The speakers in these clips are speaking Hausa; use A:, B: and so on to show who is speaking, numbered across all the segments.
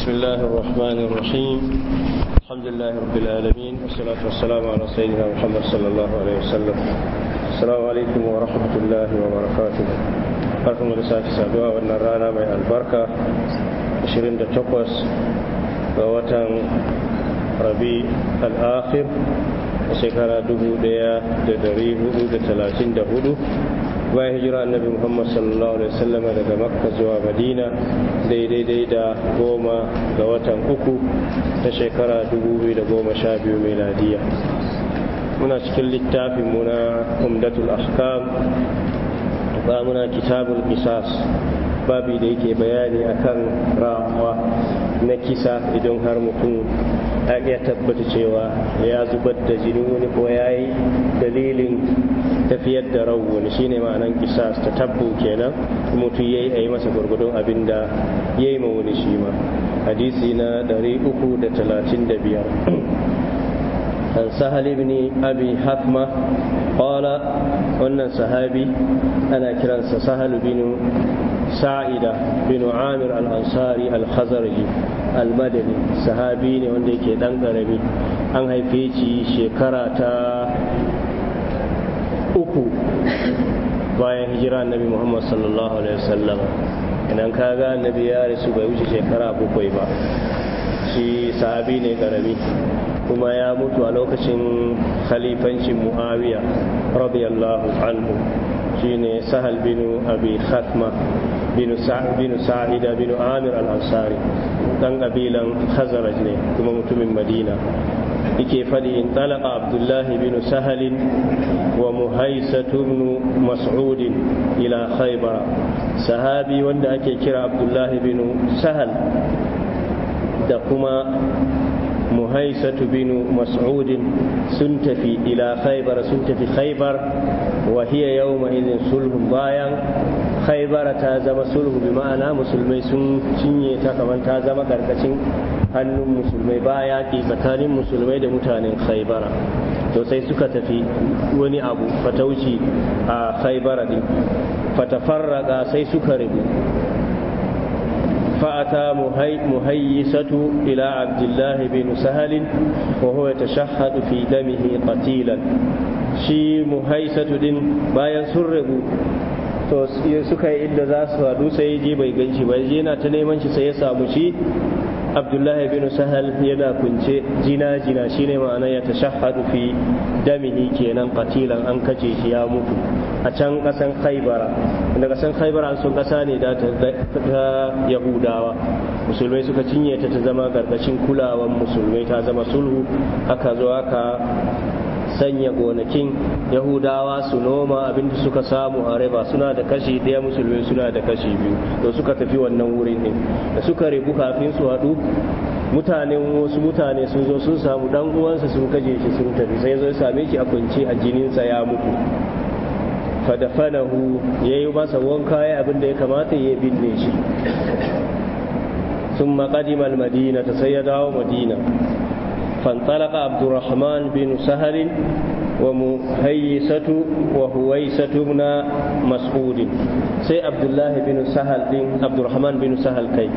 A: بسم الله الرحمن الرحيم الحمد لله رب العالمين والصلاة والسلام على سيدنا محمد صلى الله عليه وسلم السلام عليكم ورحمة الله وبركاته barkan da sake saduwa wannan rana mai albarka 28 ga watan rabi al'akhir a shekara 1434 bayan hijira annabi muhammad sallallahu alaihi wasallam daga makka zuwa madina daidai da goma ga watan uku ta shekara goma sha 2012 miladiya muna cikin littafin muna umdatul ahkam ba muna kitabul qisas babi da yake bayani akan ramuwa na kisa idan har mutum ya tabbata cewa ya zubar da jini wani ko ya yi dalilin tafiyar da rawun shi ne ma'anan kisas ta tabbu kenan mutu ya yi masa gwargwadon abin da ya yi wani shi ma hadisi na 335 an sahal ibn abi hakma kola wannan sahabi ana kiransa sahal ibn sa'ida bin amir al'ansari ansari al madani sahabi ne wanda yake dan ƙarami an haife shi shekara ta uku bayan hijira nabi muhammad sallallahu alaihi wasallam idan ka ga nabi ya rasu bai wuce shekara bakwai ba shi sahabi ne karami kuma ya mutu a lokacin khalifancin muawiya radiyallahu anhu shine sahal bin abi khatma bin sa'ida binu amir al-ansari dan kabilan khazraj ne kuma mutumin madina yake faɗi talaka abdullahi bin sahalin wa muhaisatu bin mas'udin ila khaibara sahabi wanda ake kira abdullahi bin sahal da kuma muhaisatu bin mas'udin sun tafi ila khaibar sun tafi khaibar wa hiya yawma idin sulhun bayan khaibara ta zama sulhu bi ma'ana musulmai sun cinye ta kamar ta zama karkashin hannun musulmai ba yaƙi tsakanin musulmai da mutanen khaibara to sai suka tafi wani abu fatauci a khaibara din fatafarraqa sai suka rabu فأتى مهيسة إلى عبد الله بن سهل وهو يتشهد في دمه قتيلا شي مهيسة دين باين سرقوا to suka yi inda za su hadu sai je bai ganshi ba je yana ta neman shi sai ya samu shi abdullahi bin sahal yana kunce jina jina shine ma'ana ya tashahhadu fi damihi kenan katilan an kace shi ya mutu a can kasan khaibara inda kasan khaibara an sun kasa ne da ta yahudawa musulmai suka cinye ta ta zama gargashin kulawan musulmai ta zama sulhu aka zo aka sanya gonakin yahudawa su noma abinda suka samu a raba suna da kashi ɗaya musulmi suna da kashi biyu da suka tafi wannan wurin ne da suka rebu kafin su haɗu mutanen wasu mutane sun zo sun samu ɗan uwansa sun kaje shi sun tafi sai zo same shi a kunce a jininsa ya mutu fadafanahu ya yi masa wanka ya abin da ya kamata ya binne shi sun maƙadimar madina ta sai ya dawo madina فانطلق عبد الرحمن بن سهل ومهيسة وهويسة بن مسعود سي عبد الله بن سهل بن عبد الرحمن بن سهل كي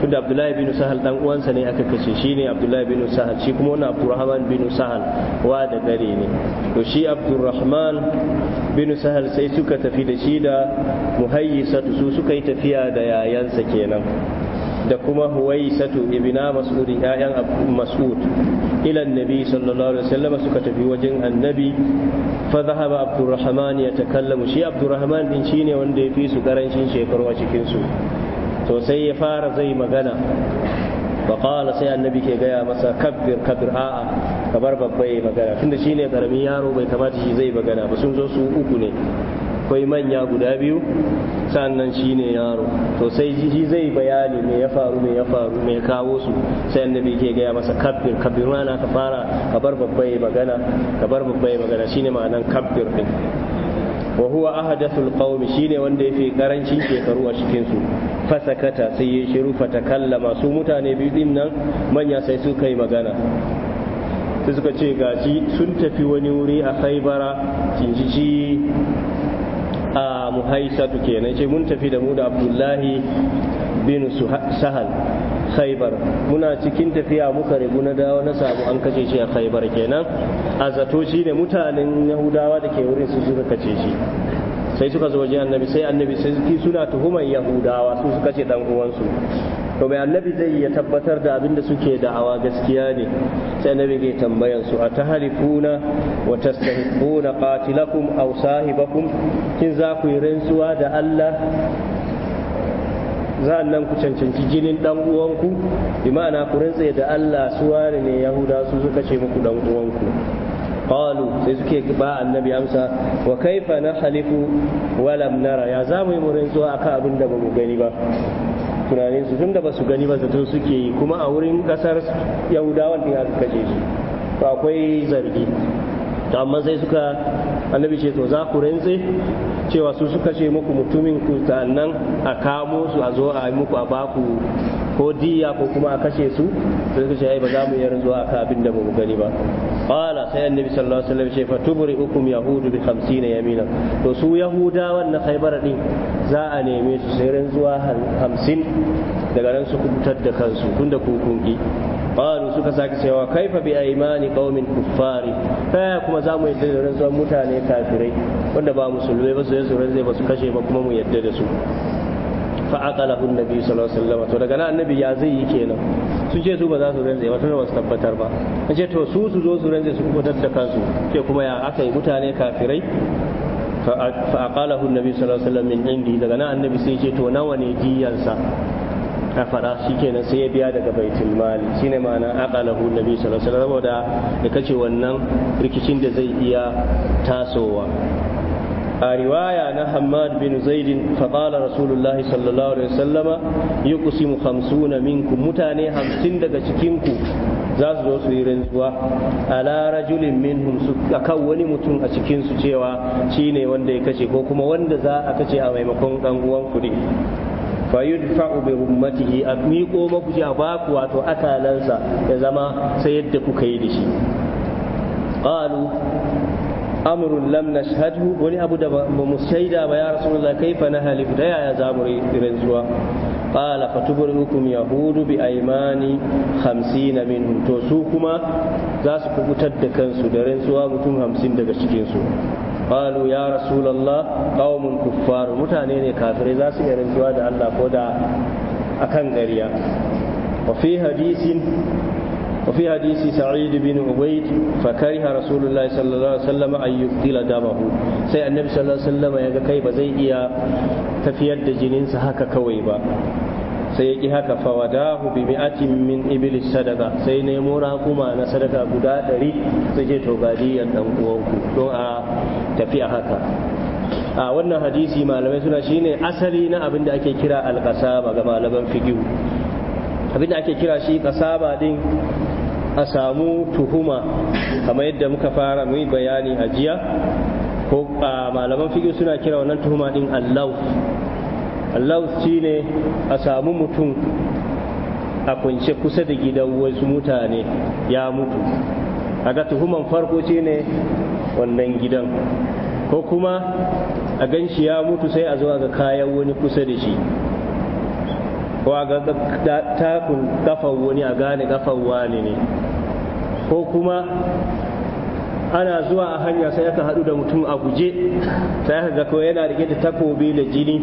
A: tunda abdullahi bin sahal dan uwansa ne aka kace shi ne abdullahi bin sahal shi kuma wani abdurrahman bin sahal wa da gare ne to shi abdurrahman bin sahal sai suka tafi da shi da muhayyisatu su suka yi tafiya da yayansa kenan da kuma huwaisatu ibna mas'ud ya'yan mas'ud ila annabi sallallahu alaihi wasallam suka tafi wajen annabi fa zahaba abdurrahman ya takallamu shi abdurrahman din shine wanda ya fi su karancin shekaru a cikin su to sai ya fara zai magana faƙala sai annabi ke gaya masa kabbir kabir a'a kabar babba ya magana tunda shine karamin yaro bai kamata shi zai magana ba sun zo su uku ne akwai manya guda biyu sannan shi ne yaro to sai shi zai bayani me ya faru me ya faru me kawo su sai annabi ke gaya masa kabbir kabbir rana ka fara ka bar babba ya magana ka bar babba ya magana shine ma'anan kabbir din wa huwa ahadathul shi ne wanda yafi karancin shekaru a cikin su fasakata sai ya shiru fatakallama masu mutane biyu din nan manya sai su kai magana sai suka ce gashi sun tafi wani wuri a khaibara a muhaisatu kenan ce mun tafi da mu da abdullahi bin sahal khaibar muna cikin tafiya muka rigu na dawo na samu an kace shi a khaibar kenan a zato shi ne mutanen yahudawa da ke wurin su suka kace shi sai suka zo wajen annabi sai annabi sai suna tuhumar yahudawa su suka ce dan uwansu to mai annabi zai ya tabbatar da abin da suke da'awa gaskiya ne sai annabi ke tambayan su atahalifuna wa tastahiquna qatilakum aw sahibakum kin za ku yi rantsuwa da Allah za nan ku cancanci jinin dan uwanku bi ma'ana ku rantse da Allah su ware ne yahuda su suka ce muku dan uwanku qalu sai suke ba annabi amsa wa kaifa nahlifu wa lam nara ya zamu yi mu rantsuwa akan abin da mu gani ba tunanin su tunda ba su gani ba zato suke yi kuma a wurin kasar yahudawan din aka kashe shi to akwai zargi to amma sai suka annabi ce to za ku rantse cewa su suka ce muku mutumin ku nan a kamo su a zo a yi muku a baku ko diya ko kuma a kashe su sai suka ce ai ba za mu yarda zuwa ka abin da mu gani ba qala sai annabi sallallahu alaihi wasallam ce fa tubri ukum yahudu bi 50 yamina to su yahudawan na khaybar din za a neme su sai ran zuwa 50 daga nan su kubutar da kansu tunda ku kungi qalu suka sake cewa kaifa bi aymani qaumin kuffari ta kuma za mu yadda da rantsuwar mutane kafirai wanda ba musulmai ba su yi tsoron zai ba su kashe ba kuma mu yadda da su fa aqala hun nabi sallallahu alaihi wasallam to daga nan annabi ya zai yi kenan sun ce su ba za su rantse ba tunda ba su tabbatar ba an ce to su su zo su rantse su kubutar da kansu ke kuma ya aka yi mutane kafirai fa aqala hun nabi sallallahu alaihi wasallam min indi daga nan annabi sai ce to nawa ne jiyansa a fara shi kenan sai ya biya daga baitul mali shine ma'ana aqalahu nabi sallallahu alaihi wasallam da kace wannan rikicin da zai iya tasowa a riwaya na hammad bin Zaidin faƙala Rasulullah sallallahu Alaihi wasallama yi kusimu hamsuna minku mutane hamsin daga cikinku za su zo su yi rantsuwa ala rajulin minhum su kan wani mutum a cikinsu cewa shi ne wanda ya kace ko kuma wanda za a kace a maimakon ɗan uwan ne fayud fa'u bi ummatihi a miƙo maku shi a baku wato akalansa ya zama sai yadda kuka yi da shi qalu amrun lam nashhadu wani abu da ba mu shaida ba ya rasulullah kaifa halif da yaya za mu rantsuwa qala fatubrikum yahudu bi aymani 50 minhum to su kuma za su kubutar da kansu da rantsuwa mutum 50 daga cikin su قالوا ya رسول الله قوم كفار متاني ne kafirai za su yi zuwa da Allah ko da akan gariya wa fi hadisin wa fi hadisi sa'id bin ubayd fa kariha rasulullah sallallahu alaihi wasallam ay yuqila damahu sai annabi sallallahu alaihi wasallam yaga kai ba zai iya tafiyar da jinin sa haka kawai ba sai ya ki haka fawadahu bi mi'atin min iblis sadaka sai nemo raƙuma na sadaka guda ɗari sai ke to gadiyan ɗan uwanku don a tafi a haka a wannan hadisi malamai suna shine asali na abin da ake kira alƙasaba ga malaman figiyu abin da ake kira shi ƙasaba din a samu tuhuma kamar yadda muka fara mu bayani a jiya ko malaman figiyu suna kira wannan tuhuma din allau shi ne a samu mutum a kunshe kusa da gidan wasu mutane ya mutu a ga tuhuman farko shi ne wannan gidan ko kuma a gan shi ya mutu sai a zuwa ga kayan wani kusa da shi ko a ga takun kafan wani a gane kafan wani ne ko kuma ana zuwa a hanya sai aka haɗu da mutum a guje sai aka ga kawai yana rike da takobi da jini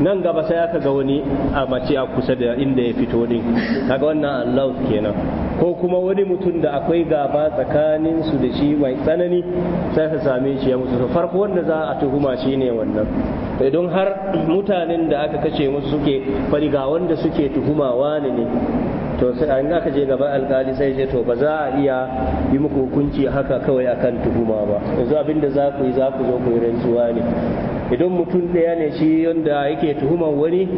A: nan gaba sai aka ga wani a mace a kusa da inda ya fito din kaga wannan Allah kenan ko kuma wani mutum da akwai gaba tsakanin su da shi mai tsanani sai ka same shi ya mutu farko wanda za a tuhuma shi ne wannan don har mutanen da aka kace musu suke fari ga wanda suke tuhumawa ne to sai an aka je gaban alkali sai ce to ba za a iya yi muku hukunci haka kawai akan tuhuma ba yanzu abin da za ku yi za ku zo ku yi rantsuwa ne idan mutum ɗaya ne shi wanda yake tuhumar wani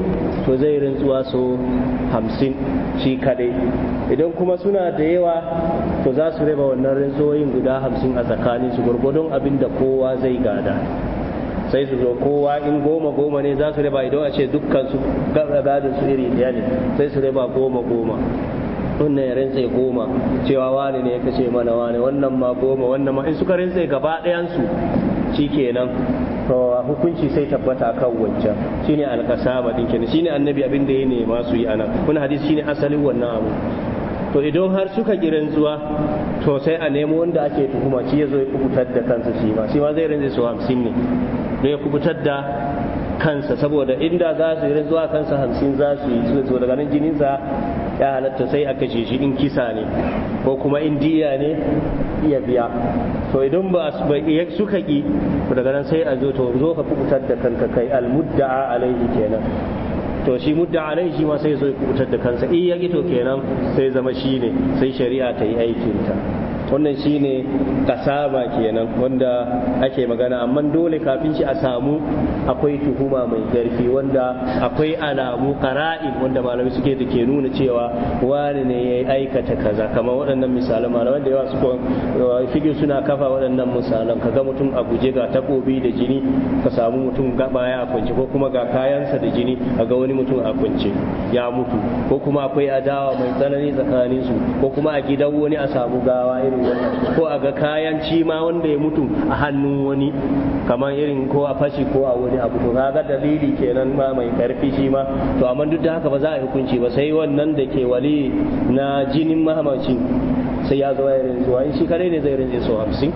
A: to zai rantsuwa so hamsin shi kadai idan kuma suna da yawa to za su raba wannan rantsuwoyin guda hamsin a tsakanin su gwargwadon abin da kowa zai gada sai su zo kowa in goma goma ne za su riba idan a ce dukkan su gadin su iri ɗaya ne sai su riba goma goma wannan ya rintse goma cewa wani ne ya kashe mana wani wannan ma goma wannan ma in suka rintse gaba ɗayansu shi kenan hukunci sai tabbata kan wancan shine alkasaba din kenan shine annabi abin da ya nema su yi anan wannan hadisi shine asalin wannan abu to idan har suka ki rantsuwa to sai a nemo wanda ake tuhuma shi ya zo ya kubutar da kansa shi ma shi ma zai rantse su hamsin ne don ya kubutar da kansa saboda inda za su yi zuwa kansa hamsin za su yi su daga nan jininsa ya halatta sai aka ce shi in kisa ne ko kuma in diya ne iya biya to idan ba suka ki to daga nan sai a zo to zo ka kubutar da kanka kai al-mudda'a alaihi kenan to shi mudda'a alaihi shi ma sai zo ya kubutar da kansa in ya kenan sai zama shi ne sai shari'a ta yi aikinta wannan shine kasaba kenan wanda ake magana amma dole kafin shi a samu akwai tuhuma mai ƙarfi wanda akwai alamu qara'in wanda malamai suke da ke nuna cewa wani ne ya aikata kaza kamar waɗannan misalan malamai da yawa suka fige suna kafa waɗannan misalan kaga mutum a guje ga takobi da jini ka samu mutum gaba ya kwance ko kuma ga kayansa da jini a ga wani mutum a kwance ya mutu ko kuma akwai adawa mai tsanani tsakanin su ko kuma a gidan wani a samu gawa irin ko a ga kayan ci ma wanda ya mutu a hannun wani kamar irin ko a fashi ko a wani abu to kaga dalili kenan ma mai karfi shi ma to amma duk da haka ba za a yi hukunci ba sai wannan da ke wali na jinin mahamacin sai ya zo ya rantsuwa in shi kare ne zai rinje so hamsin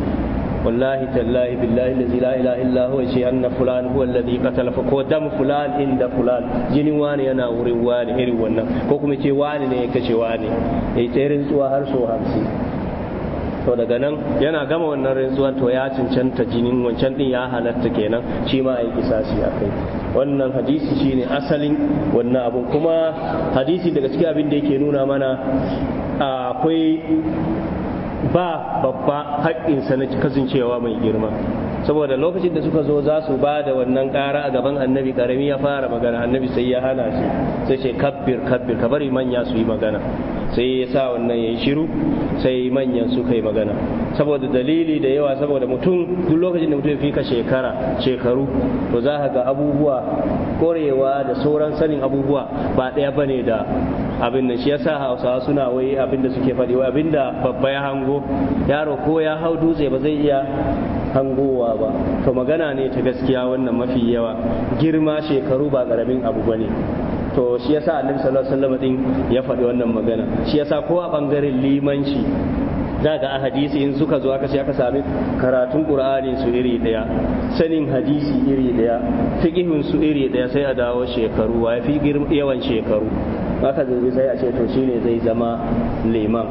A: wallahi tallahi billahi lazi la ilaha illa huwa shi anna fulan huwa alladhi qatala fa ko dam fulan inda fulan jinin wani yana wurin wani irin wannan ko kuma ce wani ne ya kace wani yayi tsayin tsuwa har so hamsin to daga nan yana gama wannan rantsuwa to ya cancanta jinin wancan din ya halatta kenan shi ma ayi kisasi a kai wannan hadisi shine asalin wannan abu. kuma hadisi daga cikin abin da yake nuna mana akwai ba babba haƙƙinsa na kasancewa mai girma saboda lokacin da suka zo za su ba da wannan kara a gaban annabi karami ya fara magana annabi sai ya hana shi sai ce kabbir kabbir ka bari manya su yi magana sai ya sa wannan ya yi shiru sai manyan su kai magana saboda dalili da yawa saboda mutum duk lokacin da mutum ya fika shekara shekaru to za ka ga abubuwa korewa da sauran sanin abubuwa ba ɗaya bane da abin da shi ya sa hausawa suna wai abin da suke faɗi wai abin da babba ya hango yaro ko ya hau dutse ba zai iya hangowa ba to magana ne ta gaskiya wannan mafi yawa girma shekaru ba ƙaramin abu ba ne to shi yasa annabi sallallahu alaihi wasallam din ya faɗi wannan magana shi yasa ko a bangaren limanci za ga a hadisi in suka zo aka ce aka sami karatun qur'ani su iri daya sanin hadisi iri daya fiqihun su iri daya sai a dawo shekaru wa fi yawan shekaru aka zai sai a ce to shine zai zama liman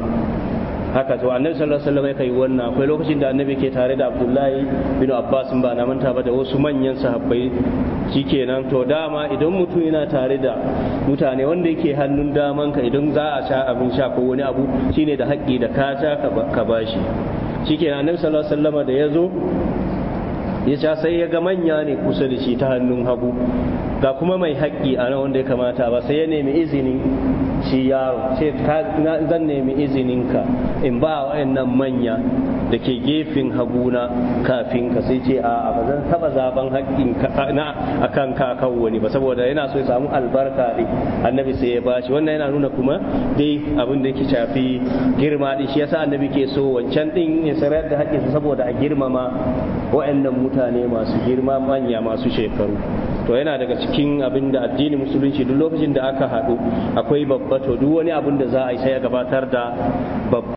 A: haka to annabi sallallahu alaihi wasallam yakan yi wannan akwai lokacin da annabi ke tare da abdullahi bin abbas ba na manta ba da wasu manyan sahabbai shikenan to dama idan mutum yana tare da mutane wanda yake hannun daman ka idan za a sha abin sha ko wani abu shine da haƙƙi da ka sha ka bashi shikenan annabi sallallahu alaihi wasallam da yazo ya sha sai ya ga manya ne kusa da shi ta hannun hagu ga kuma mai haƙƙi a nan wanda ya kamata ba sai ya nemi izini. shi yaro ce zan nemi izininka in ba wa'annan manya da ke gefen haguna kafin ka sai ce a'a bazan zan taba zaben haƙƙin na akan kakan wani ba saboda yana so ya samu albarka ne annabi sai ya bashi wannan yana nuna kuma dai abin da yake shafi girma din shi yasa annabi ke so wancan din ya sarar da haƙƙinsa saboda a girmama wa'annan mutane masu girma manya masu shekaru to yana daga cikin abin da addini musulunci duk lokacin da aka haɗu akwai babba to duk wani abin da za a yi sai ya gabatar da babba